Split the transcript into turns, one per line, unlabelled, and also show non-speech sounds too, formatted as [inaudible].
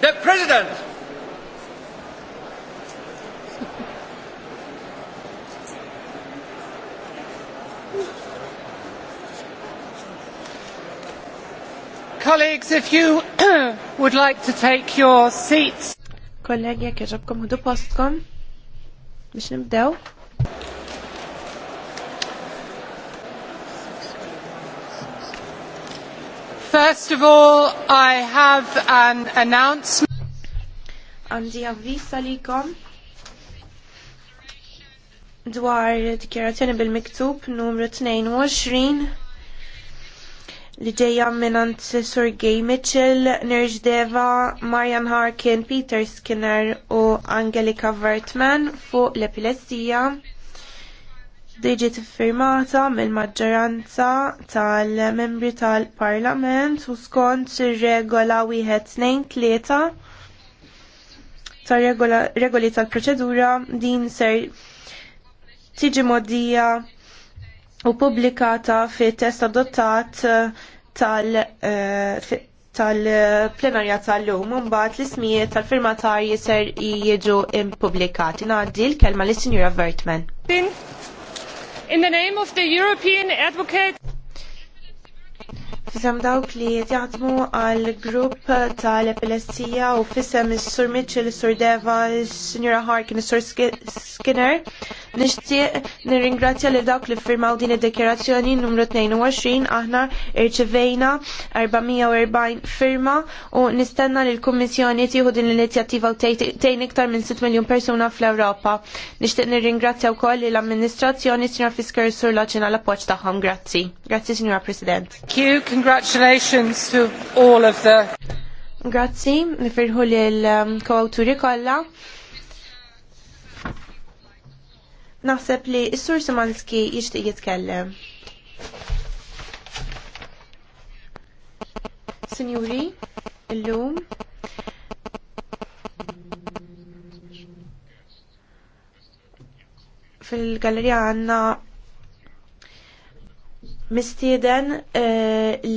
The President! Colleagues, if you [clears throat] would like to take your seats. Kollegi, jekk jaġabkom ħudu postkom biex nibdew. First of all, I have an announcement. Għandi avvisa likom dwar dikjerazzjoni bil-miktub numru 22 li ġejja minnant Sur Gay Mitchell, Nerj Deva, Marian Harkin, Peter Skinner u Angelika Vertman fuq l-epilessija diġi tiffirmata mill-maġġoranza tal-membri tal-Parlament u skont ir-regola wieħed tnejn tlieta tar-regoli tal-proċedura din ser tiġi moddija u pubblikata fit test adottat eh, tal- eh, tal-plenarja tal-lum mbagħad l-ismijiet tal-firmatarji ser jiġu impubblikati. Ngħaddi l-kelma lis-Sinjura Vertman in the name of the European advocate Fisem dawk li jtjaħdmu għal grupp tal-epilessija u fisem s sur Mitchell, s sur Deva, s signora Harkin, s sur Skinner. Nishtiq nirringrazzja li dawk li firmaw din id-dekjerazzjoni numru 22 aħna irċivejna 440 firma u nistenna li l-Kummissjoni tieħu din l-inizjattiva u tejn iktar minn 6 miljun persuna fl-Ewropa. Nishtiq nirringrazzja wkoll li l-amministrazzjoni Signor Fisker Sur Loċina l-appoġġ tagħhom. Grazzi. Grazzi Signora President congratulations to all of the Grazzi, nifirħu li l-kawawturi um, kolla. Naħseb li s-sur Simanski jishtiq jitkellem. Signori, l-lum, fil-gallerija għanna mistieden eh,